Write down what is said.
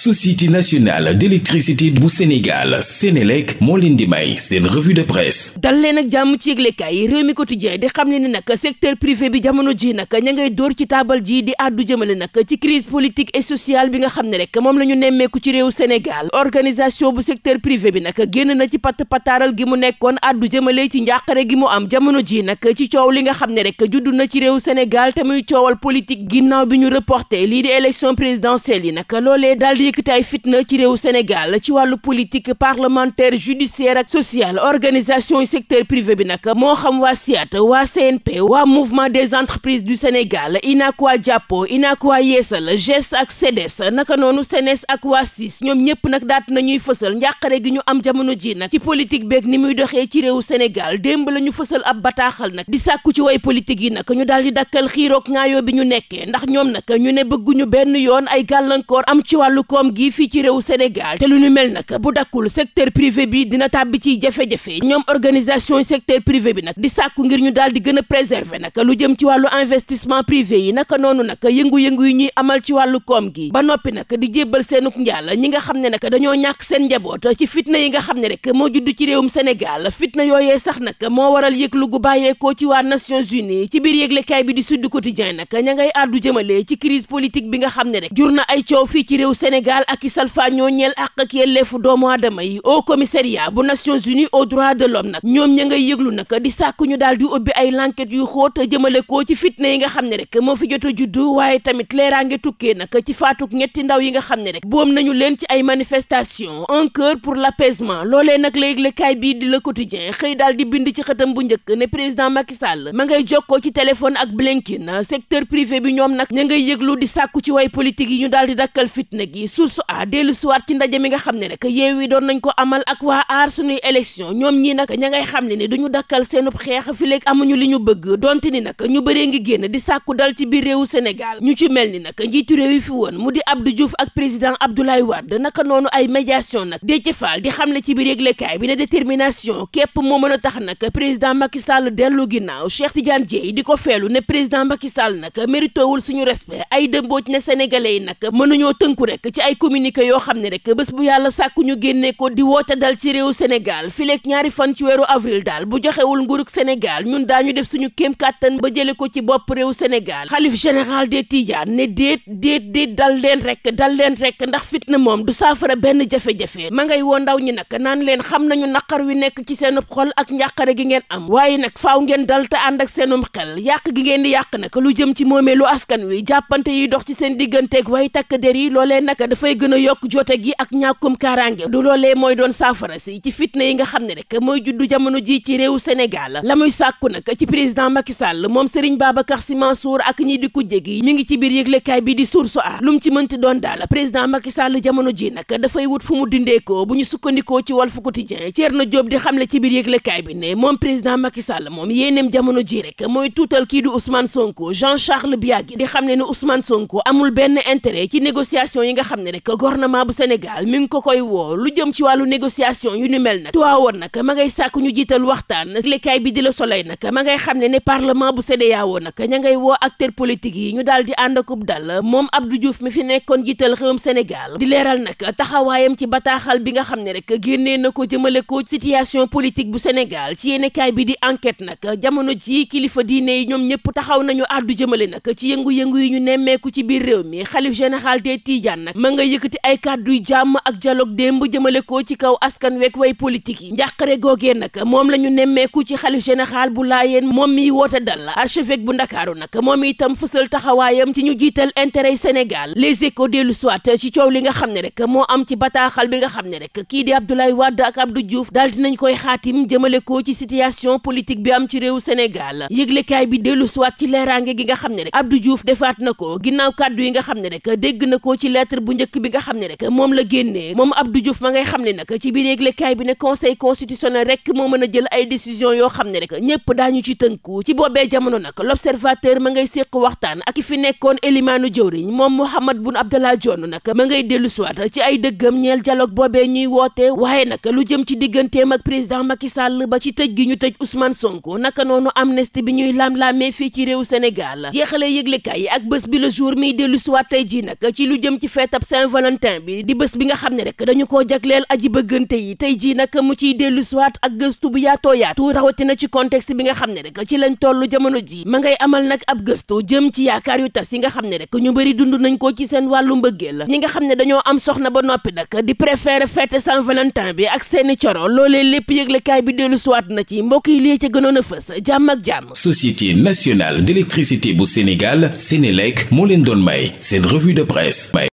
société nationale d'électricité bu Sénégal Sénélec moo leen di may seen revue de presse dal leen ak jàmm ci yëglekaay yi réew mi quotidien di xam ne ni nag secteur privé bi jamono ji nag ña ngay dóor ci taabal ji di àddu jëmale nag ci crise politique et sociale bi nga xam ne rek moom la ñu nemmeeku ci réew Sénégal organisation bu secteur privé bi nag génn na ci patt pataaral gi mu nekkoon àddu jëmale ci njàqare gi mu am jamono ji nag ci coow li nga xam ne rek judd na ci réew Sénégal te muy coowal politique ginnaaw bi ñu reporté lii di élection yëkkati ay fitna ci réew Sénégal ci wàllu politique parlementaire judiciaire ak sociale organisation secteur privé bi nag moo xam waa SIAT waa CNP waa mouvement des entreprises du Sénégal INAK waa jàppo INAK waa yeesal GES ak CEDES naka noonu CNES ak waa SIS ñoom ñëpp nag daat na ñuy fësal njàqare gi ñu am jamono ji nag ci politique beeg ni muy doxee ci réew Sénégal démb la ñu fësal ab bataaxal nag di sàkku ci way politique yi nag ñu daal di dakkal xiiroog ngaayoo bi ñu nekkee ndax ñoom nag ñu ne bëgguñu benn yoon ay gàllankoor koom gi fii ci réew Sénégal te lu ñu mel nag bu dakkul secteur privé bi dina tàbbi ci jafe ñoom organisation secteur privé bi nag di sàkku ngir ñu daal di gën a préserver nag lu jëm ci wàllu investissement privé yi naka noonu nag yëngu-yëngu ñuy amal ci wàllu koom gi ba noppi nag di jébbal seenuk njaal ñi nga xam ne nag dañoo ñàkk seen njaboot ci fitna yi nga xam ne rek moo judd ci réewum Sénégal fitna yooyee sax nag moo waral yëglu gu bàyyeekoo ci waa Nations Unies ci biir yëglekaay bi di Sud Quotidien nag ña ngay àddu jëmale ci crise politique bi nga xam ne rek jur na ay coow fii ci réew Sénégal Sénégal ak i salfaañoo ñeel àq ak yelleefu doomu aadama yi au commissariat bu Nations Unies aux droits de l'homme nag ñoom ña ngay yëglu nag di sàkk ñu daal di ubbi ay enquêtes yu xoot a jëmale ko ci fitna yi nga xam ne rek moo fi jot a juddu waaye tamit leeraange tukkee nag ci faatuk ñetti ndaw yi nga xam ne rek boom nañu leen ci ay manifestations un cœur pour l'apaisement loolee nag la yëglekaay bii di Le Quotidien xëy daal di bind ci xëtam bu njëkk ne président Macky Sall ma ngay jokkoo ci téléphone ak Blinken secteur privé bi ñoom nag ña ngay yëglu di sàkku ci way yi ñu daal di dakkal fitna gi source a dellu siwaat ci ndaje mi nga xam ne rek yeew yi doon nañ ko amal ak waa aar suñuy élection ñoom ñii nag ña ngay xam ne ni ñu dakkal seenub xeex fi léegi amuñu li ñu bëgg donte ni nag ñu bëree ngi génn di sàkku dal ci biir réewu Sénégal ñu ci mel ni nag njiitu réew yi fi woon mu di Abdou Diouf ak président Abdoulaye Wade naka noonu ay médiation nag Déthié Fall di xam ne ci biir yëglekaay bi ne détermination képp moo mën a tax nag président Macky Sall dellu ginnaaw Cheikh Tidiane Dièye di ko feelu ne président Macky Sall nag méritowul suñu respect ay dëmboo ci ne sénégalais yi nag mënuñoo ay communiqué yoo xam ne rek bés bu yàlla sàkku ñu génnee ko di woote dal ci réew Sénégal fileeg ñaari fan ci weeru avril daal bu joxewul nguurug Sénégal ñun daañu def suñu kéem kàttan ba jële ko ci bopp réew Sénégal xalif général des Tidianes ne déet déet déet dal leen rek dal leen rekk ndax fitna moom du saafara benn jafe-jafe ma ngay woo ndaw ñi nag naan leen xam nañu naqar wi nekk ci seenub xol ak njàqare gi ngeen am waaye nag faw ngeen dal te ànd ak seenum xel yàq gi ngeen di yàq nag lu jëm ci moomeelu askan wi jàppante yi dox ci dafay gën a yokk jote gi ak ñàkkum kaaraange du loolee mooy doon saafara si ci fitna yi nga xam ne rek mooy juddu jamono ji ci réewu Sénégal la muy sàkku nag ci président Macky Sall moom Serigne Babacar Sy Mansour ak ñii di ko jéggi mi ngi ci biir yëglekaay bi di source a lu mu ci mënti doon daal président Macky Sall jamono ji nag dafay wut fu mu ko bu ñu sukkandikoo ci fu Walf Quotidien Thierno Diop di xam xamle ci biir yëglekaay bi ne moom président Macky Sall moom yéeneem jamono ji rek mooy tuutal kii di Ousmane Sonko Jean Charles Biagui di xam ne ne Ousmane Sonko amul benn intérêt ci négociation yi nga xam ne rek gouvernement bu Sénégal mi ngi ko koy woo lu jëm ci wàllu négociation yu ni mel nag tuwaawoon nag ma ngay sàkk ñu jiital waxtaan lekaay bi di la Soleil nag ma ngay xam ne ne parlement bu CEDEAO nag ña ngay woo acteur politique yi ñu daal di ànd akub dal moom Abdou Diouf mi fi nekkoon jiital réewum Sénégal di leeral nag taxawaayam ci bataaxal bi nga xam ne rek génnee na ko jëmale ko situation politique bu Sénégal ci yéenekaay bi di enquête nag jamono jii kilifa diine yi ñoom ñëpp taxaw nañu àddu jëmale nag ci yëngu-yëngu yi ñu nemmeeku ci biir réew mi xalif général des Tidiane nag ma nga yëkkati ay kàdduy jàmm ak dialogue démb jëmale ko ci kaw askan week way politique yi njàqare googee nag moom la ñu nemmeeku ci xalif général bu laayeen moom mi woote dal la archevêque bu ndakaaru nag moom itam fësal taxawaayam ci ñu jiital intérêt Sénégal les échos dellu soit ci coow li nga xam ne rek moo am ci bataaxal bi nga xam ne rek kii di Abdoulaye Wade ak Abdou Diouf daal dinañ koy xaatim jëmale ko ci situation politique bi am ci réew Sénégal yëglekaay bi dellu soit ci leeraange gi nga xam ne rek Abdou Diouf defaat na ko ginnaaw kàddu yi nga xam ne rek dégg na ko ci lettre bu njëkk bi nga xam ne rek moom la génnee moom Abdou Diouf ma ngay xam ne nag ci biir yéglekaay bi ne conseil constitutionnel rek moo mën a jël ay décision yoo xam ne rek ñëpp daañu ci tënku ci boobee jamono nag l'observateur ma ngay séq waxtaan ak fi nekkoon Elimaanu Jëwriñ moom Mouhamed Boun Abdallah Dionne nag ma ngay dellu ci ay dëggam ñeel dialogue boobee ñuy woote waaye nag lu jëm ci digganteem ak président Macky Sall ba ci tëj gi ñu tëj Ousmane Sonko naka noonu amnistie bi ñuy lam-laamee fii ci réew Sénégal jeexale yéglekaay yi ak bés bi la jour miy dellu siwaat tey ji nag ci lu jëm ci feetab Saint-Valentin bi di bés bi nga xam ne rek dañu koo jagleel aji bëggante yi tey jii nag mu ciy dellu siwaat ak gëstu bu yaatoo yaatu rawatina ci contexte bi nga xam ne rek ci lañ tollu jamono ji ma ngay amal nag ab gëstu jëm ci yaakaar yu tas yi nga xam ne rek ñu bëri dund nañ ko ci seen wàllu mbëggeel la ñi nga xam ne dañoo am soxna ba noppi nag di préférer fête Saint-Valentin bi ak seeni coro loolee lépp yëglekaay bi dellu siwaat na ci mbokk yi lii ca gënoon a fës jàmm ak jàmm Société nationale d'électricité bu Sénégal Sénélec moo leen doon may seen revue de presse may